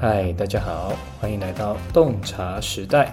嗨，大家好，歡迎來到洞察時代，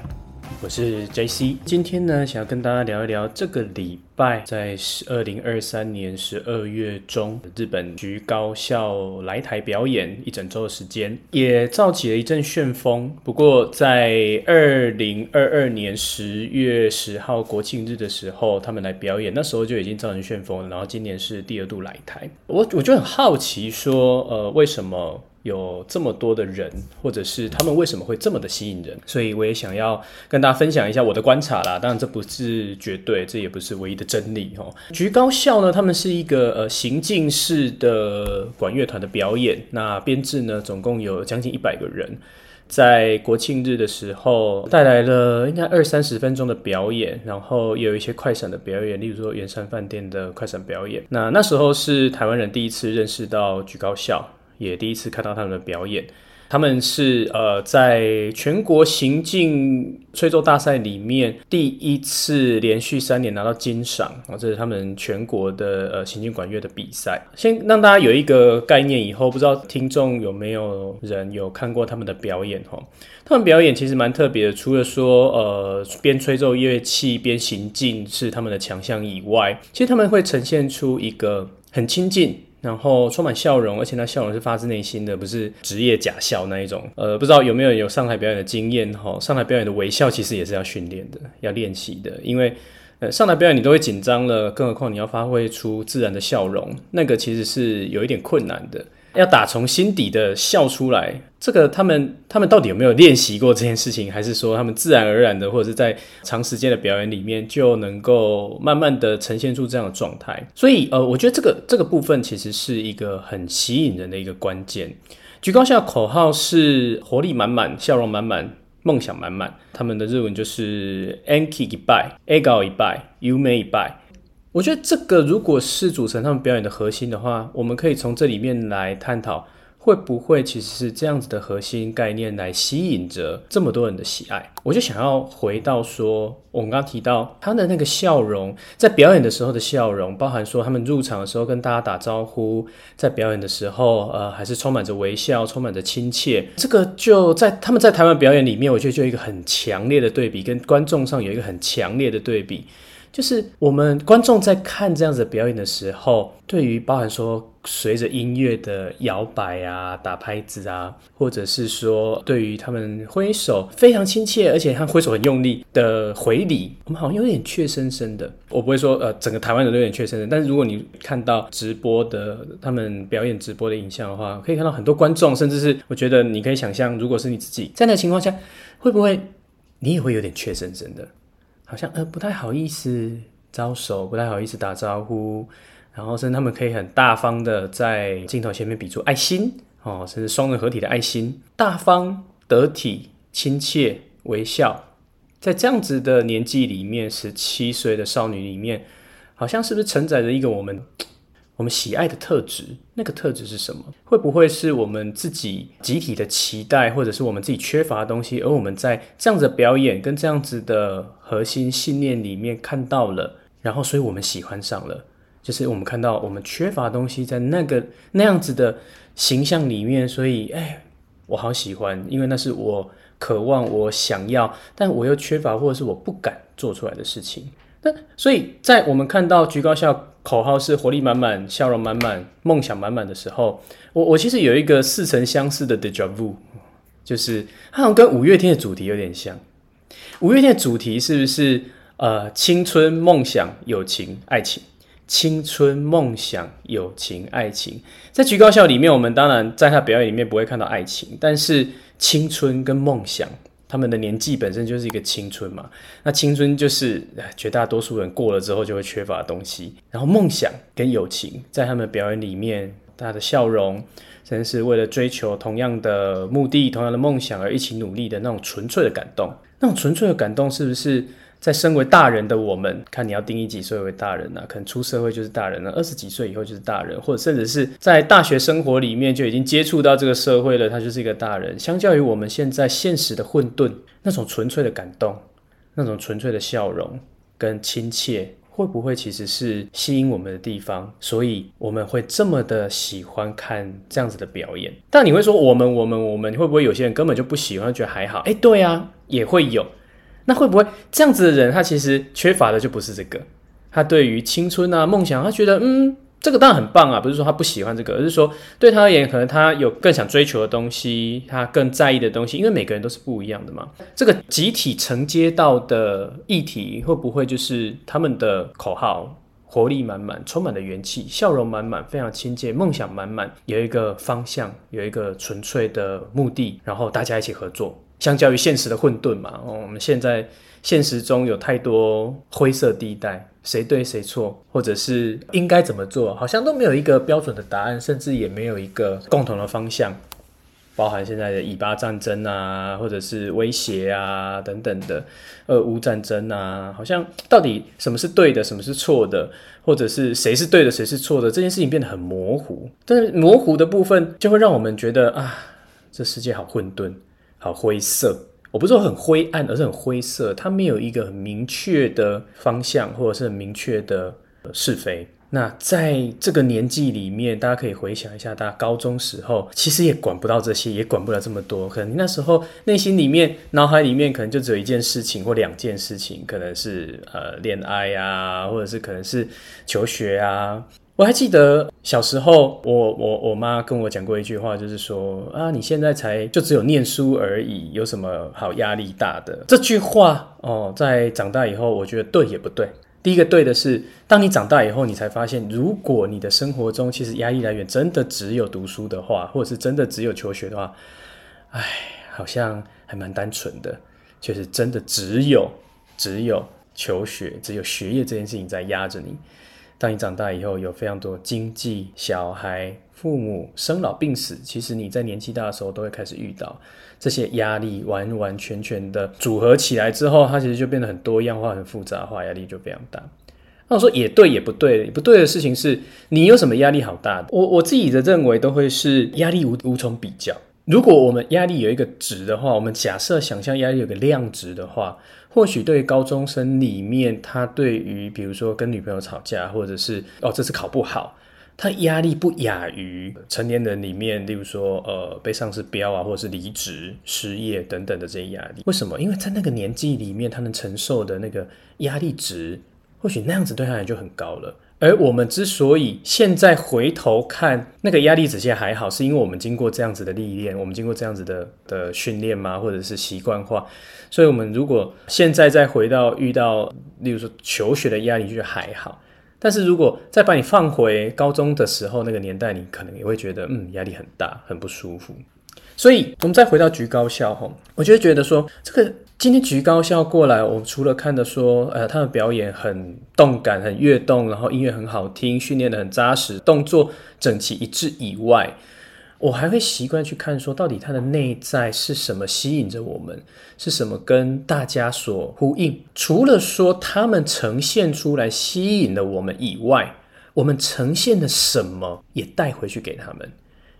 我是 JC。今天呢，想要跟大家聊一聊這個禮拜在二零二三年十二月中，日本橘高校來台表演一整周的時間，也造起了一陣旋風。不過，在二零二二年十月十號國慶日的時候，他們來表演，那時候就已經造成旋風，然後今年是第二度來台，我我就很好奇說，呃，為什麼？有這麼多的人，或者是他們為什麼會這麼的吸引人？所以我也想要跟大家分享一下我的觀察啦。當然，這不是絕對，這也不是唯一的真理喔。哦，橘高校呢，他們是一個呃行進式的管樂團的表演。那編製呢，總共有將近一百個人，在國慶日的時候帶來了應該二三十分鐘的表演，然後也有一些快閃的表演，例如說圓山飯店的快閃表演。那那時候是臺灣人第一次認識到橘高校。也第一次看到他們的表演，他們是呃，在全國行進吹奏大賽裡面第一次連續三年拿到金賞。啊、哦，這是他們全國的呃行進管樂的比賽，先讓大家有一個概念。以後不知道聽眾有沒有人有看過他們的表演哈、哦。他們表演其實蠻特別的，除了說呃邊吹奏樂器邊行進是他們的強項以外，其實他們會呈現出一個很親近。然後充滿笑容，而且那笑容是發自內心的，不是職業假笑那一種。呃，不知道有沒有人有上台表演的經驗哈？上台表演的微笑其實也是要訓練的，要練習的，因為呃上台表演你都會緊張了，更何況你要發揮出自然的笑容，那個其實是有一點困難的。要打從心底的笑出來，這個他們他們到底有沒有練習過這件事情，還是說他們自然而然的，或者是在長時間的表演裡面就能夠慢慢的呈現出這樣的狀態？所以呃，我覺得這個這個部分其實是一個很吸引人的一個關鍵。橘高校的口號是活力滿滿，笑容滿滿，夢想滿滿。他們的日文就是 Genki 一拜，Egao 一拜，Yume 一拜。我覺得這個如果是組成他們表演的核心的話，我們可以從這裡面來探討，會不會其實是這樣子的核心概念來吸引着這麼多人的喜愛。我就想要回到說，我們剛剛提到他的那個笑容，在表演的時候的笑容，包含說他們入場的時候跟大家打招呼，在表演的時候，呃，還是充滿着微笑，充滿着親切。這個就在他們在台灣表演裡面，我覺得就一個很強烈的對比，跟觀眾上有一個很強烈的對比。就是我們觀眾在看這樣子的表演的時候，對於包含說隨着音樂的搖擺啊、打拍子啊，或者是說對於他們揮手非常親切，而且他揮手很用力的回禮，我們好像有點怯生生的。我不會說呃，整個台灣人都有點怯生生，但是如果你看到直播的他們表演直播的影像的話，可以看到很多觀眾，甚至是我覺得你可以想象，如果是你自己在那個情況下，會不會你也會有點怯生生的？好像呃不太好意思招手，不太好意思打招呼，然後甚至他們可以很大方的在鏡頭前面比出愛心哦，甚至雙人合體的愛心，大方得體、親切微笑，在這樣子的年紀裡面，十七歲的少女裡面，好像是不是承載着一個我們？我們喜愛的特質，那個特質是什麼？會不會是我們自己集體的期待，或者是我們自己缺乏的東西？而我們在這樣子的表演跟這樣子的核心信念裡面看到了，然後所以我們喜歡上了。就是我們看到我們缺乏的東西在那個那樣子的形象裡面，所以哎，我好喜歡，因為那是我渴望、我想要，但我又缺乏或者是我不敢做出來的事情。那所以在我們看到橘高校。口號是“活力滿滿，笑容滿滿，夢想滿滿”的時候，我我其實有一個似曾相識的 déjà vu，就是它好像跟五月天的主題有點像。五月天的主題是不是呃青春、夢想、友情、愛情？青春、夢想、友情、愛情，在《橘高校》裡面，我們當然在他表演裡面不會看到愛情，但是青春跟夢想。他們的年紀本身就是一個青春嘛，那青春就是絕大多數人過了之後就會缺乏的東西。然後夢想跟友情，在他們的表演裡面，大家的笑容，甚至是為了追求同樣的目的、同樣的夢想而一起努力的那種純粹的感動，那種純粹的感動，是不是？在身為大人的我們，看你要定義幾歲為大人呢、啊？可能出社會就是大人了、啊，二十幾歲以後就是大人，或者甚至是在大學生活裡面就已經接觸到這個社會了，他就是一個大人。相較於我們現在現實的混沌，那種純粹的感動，那種純粹的笑容跟親切，會不會其實是吸引我們的地方？所以我們會這麼的喜歡看這樣子的表演。但你會說我們，我們我們我們會不會有些人根本就不喜歡，覺得還好？哎、欸，對啊，也會有。那會不會這樣子的人，他其實缺乏的就不是這個，他對於青春啊、夢想，他覺得嗯，這個當然很棒啊，不是說他不喜歡這個，而是說對他而言，可能他有更想追求的東西，他更在意的東西，因為每個人都是不一樣的嘛。這個集體承接到的議題，會不會就是他們的口號，活力滿滿，充滿的元氣，笑容滿滿，非常親切，夢想滿滿，有一個方向，有一個純粹的目的，然後大家一起合作。相較於現實的混沌嘛，哦，我們現在現實中有太多灰色地帶，誰對誰錯，或者是應該怎麼做，好像都沒有一個標準的答案，甚至也沒有一個共同的方向。包含現在的以巴戰爭啊，或者是威脅啊等等的俄烏戰爭啊，好像到底什麼是對的，什麼是錯的，或者是誰是對的，誰是錯的，這件事情變得很模糊。但是模糊的部分就會讓我們覺得啊，這世界好混沌。好灰色，我不是說很灰暗，而是很灰色。它沒有一個很明確的方向，或者是很明確的是非。那在這個年紀裡面，大家可以回想一下，大家高中時候其實也管不到這些，也管不了這麼多。可能那時候內心裡面、腦海裡面，可能就只有一件事情或兩件事情，可能是呃戀愛啊，或者是可能是求學啊。我還記得小時候我，我我我媽跟我講過一句話，就是說啊，你現在才就只有念書而已，有什麼好壓力大的？這句話哦，在長大以後，我覺得對也不對。第一個對的是，當你長大以後，你才發現，如果你的生活中其實壓力來源真的只有讀書的話，或者是真的只有求學的話，哎，好像還蠻單純的。就是真的只有只有求學、只有學業這件事情在壓着你。當你長大以後，有非常多經濟、小孩、父母、生老病死，其實你在年紀大的時候都會開始遇到這些壓力，完完全全的組合起來之後，它其實就變得很多樣化、很複雜化，壓力就非常大。那我說也對，也不對，不對的事情是你有什麼壓力好大的？我我自己的認為都會是壓力無無從比較。如果我們壓力有一個值的話，我們假設想象壓力有一個量值的話。或許對於高中生裡面，他對於比如說跟女朋友吵架，或者是哦這次考不好，他壓力不亞於成年人裡面，例如說呃被上司飆啊，或者是離職、失業等等的這些壓力。為什麼？因為在那個年紀裡面，他能承受的那個壓力值，或許那樣子對他來講就很高了。而我們之所以現在回頭看那個壓力直線還好，是因為我們經過這樣子的歷練，我們經過這樣子的的訓練嘛，或者是習慣化？所以，我們如果現在再回到遇到，例如說求學的壓力，就覺得還好。但是如果再把你放回高中的時候那個年代，你可能也會覺得，嗯，壓力很大，很不舒服。所以，我們再回到橘高校，哈，我就會覺得說，這個今天橘高校過來，我除了看的說，呃，他的表演很動感、很躍動，然後音樂很好聽，訓練的很扎實，動作整齊一致以外，我還會習慣去看說，到底他的內在是什麼吸引着我們，是什麼跟大家所呼應？除了說他們呈現出來吸引了我們以外，我們呈現的什麼也帶回去給他們。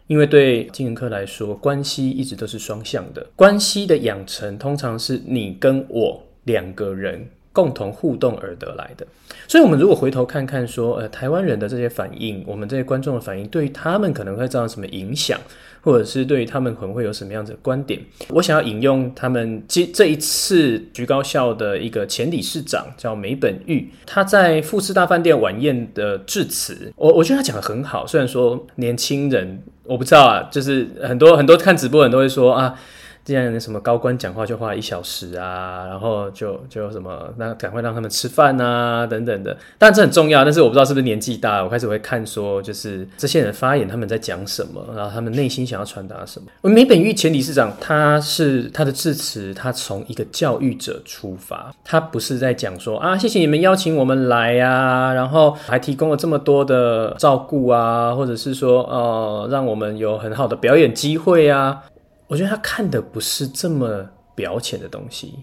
因為對經營課來說，關係一直都是雙向的。關係的養成，通常是你跟我兩個人。共同互動而得來的，所以，我們如果回頭看看，說，呃，台灣人的這些反應，我們這些觀眾的反應，對於他們可能會造成什麼影響，或者是對於他們可能會有什麼樣子的觀點，我想要引用他們，這這一次橘高校的一個前理事長叫梅本裕，他在富士大飯店晚宴的致辭，我我覺得他講得很好，雖然說年輕人，我不知道啊，就是很多很多看直播的人都會說啊。既然什麼高官講話就花一小時啊，然後就就什麼那趕快讓他們吃飯啊等等的，當然這很重要。但是我不知道是不是年紀大了，我開始會看說，就是這些人發言他們在講什麼，然後他們內心想要傳達什麼。美本玉前理事長他，他是他的致辭，他從一個教育者出發，他不是在講說啊謝謝你們邀請我們來呀、啊，然後還提供了這麼多的照顧啊，或者是說呃讓我們有很好的表演機會啊。我覺得他看的不是這麼表淺的東西，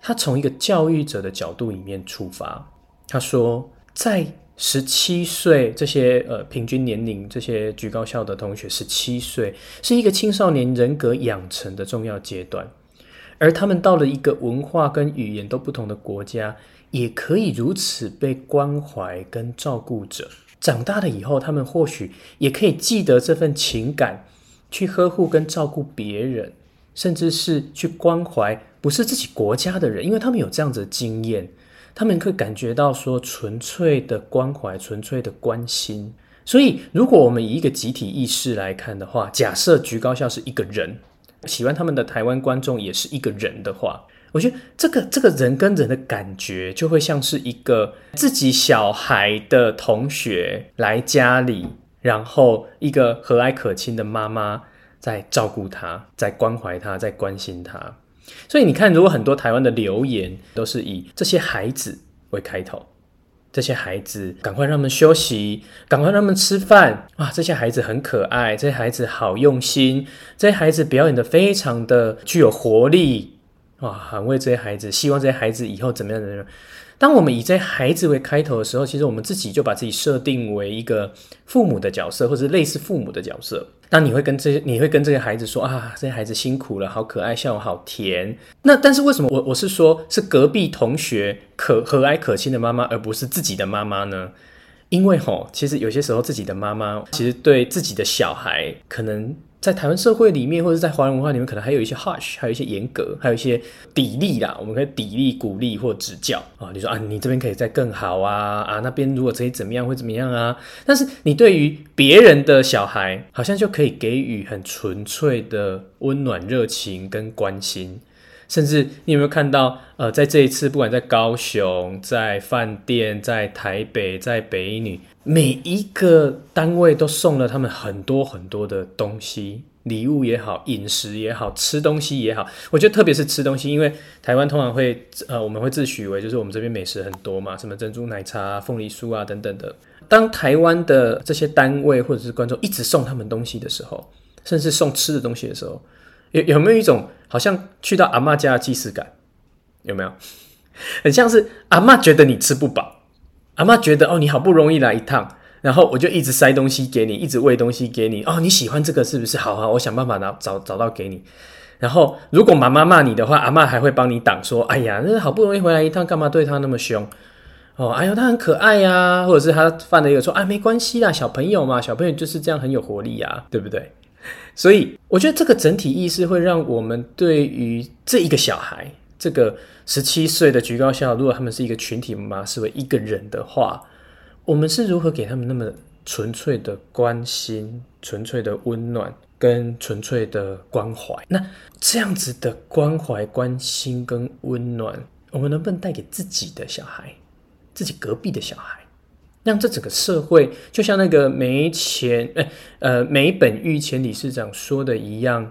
他從一個教育者的角度裡面出發，他說在17，在十七歲這些呃平均年齡這些橘高校的同學十七歲是一個青少年人格養成的重要階段，而他們到了一個文化跟語言都不同的國家，也可以如此被關懷跟照顧着，長大了以後，他們或許也可以記得這份情感。去呵護跟照顧別人，甚至是去關懷不是自己國家的人，因為他們有這樣子的經驗，他們會感覺到說，純粹的關懷、純粹的關心。所以，如果我們以一個集體意識來看的話，假設橘高校是一個人，喜歡他們的台灣觀眾也是一個人的話，我覺得這個這個人跟人的感覺，就會像是一個自己小孩的同學來家裡。然後，一個和藹可親的媽媽在照顧他，在關懷他，在關心他。所以你看，如果很多台灣的留言都是以這些孩子為開頭，這些孩子趕快讓他們休息，趕快讓他們吃飯。哇，這些孩子很可愛，這些孩子好用心，這些孩子表演得非常的具有活力。哇，很為這些孩子，希望這些孩子以後怎麼樣怎麼樣。當我們以這孩子為開頭的時候，其實我們自己就把自己設定為一個父母的角色，或者是類似父母的角色。那你會跟這些，你會跟這些孩子說啊，這些孩子辛苦了，好可愛，笑得好甜。那但是為什麼我我是說是隔壁同學可和藹可親的媽媽，而不是自己的媽媽呢？因為吼，其實有些時候自己的媽媽其實對自己的小孩可能。在台灣社會裡面，或者在華人文化裡面，可能還有一些 harsh，還有一些嚴格，還有一些砥礪啦。我們可以砥礪、鼓勵或指教啊。你說啊，你這邊可以再更好啊，啊，那邊如果可以怎麼樣，會怎麼樣啊？但是你對於別人的小孩，好像就可以給予很純粹的溫暖、熱情跟關心。甚至你有沒有看到？呃，在這一次，不管在高雄、在飯店、在台北、在北一女，每一個單位都送了他們很多很多的東西，禮物也好，飲食也好，吃東西也好。我覺得特別是吃東西，因為台灣通常會呃，我們會自詡為就是我們這邊美食很多嘛，什麼珍珠奶茶啊、鳳梨酥啊等等的。當台灣的這些單位或者是觀眾一直送他們東西的時候，甚至送吃的東西的時候。有，有沒有一種好像去到阿嬤家的既視感？有沒有？很像是阿嬤覺得你吃不飽，阿嬤覺得哦你好不容易來一趟，然後我就一直塞東西給你，一直餵東西給你。哦你喜歡這個是不是？好啊，我想辦法拿找找到給你。然後如果媽媽罵你的話，阿嬤還會幫你擋說：“哎呀，那好不容易回來一趟，幹嘛對他那麼兇？哦，哎呦他很可愛呀、啊，或者是他犯了一個錯啊、哎，沒關係啦，小朋友嘛，小朋友就是這樣很有活力呀、啊，對不對？”所以，我覺得這個整體意識會讓我們對於這一個小孩，這個十七歲的橘高校，如果他們是一個群體，我們把它視為一個人的話，我們是如何給他們那麼純粹的關心、純粹的溫暖跟純粹的關懷？那這樣子的關懷、關心跟溫暖，我們能不能帶給自己的小孩，自己隔壁的小孩？讓這整個社會，就像那個梅前誒呃梅本裕前理事長說的一樣，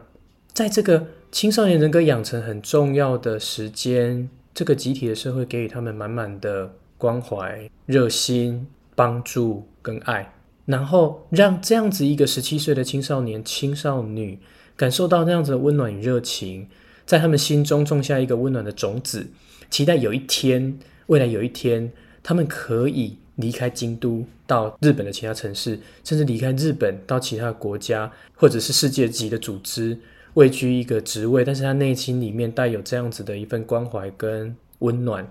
在這個青少年人格養成很重要的時間，這個集體的社會給予他們滿滿的關懷、熱心幫助跟愛，然後讓這樣子一個十七歲的青少年、青少女感受到這樣子的溫暖與熱情，在他們心中種下一個溫暖的種子，期待有一天，未來有一天，他們可以，離開京都到日本的其他城市，甚至離開日本到其他國家，或者是世界級的組織，位居一個職位，但是他內心裡面帶有這樣子的一份關懷跟溫暖，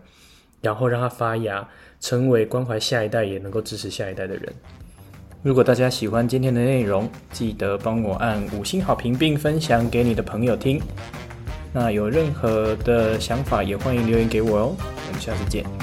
然後讓他發芽，成為關懷下一代也能夠支持下一代的人。如果大家喜歡今天的內容，記得幫我按五星好評，並分享給你的朋友聽。那有任何的想法，也歡迎留言給我哦。我們下次見。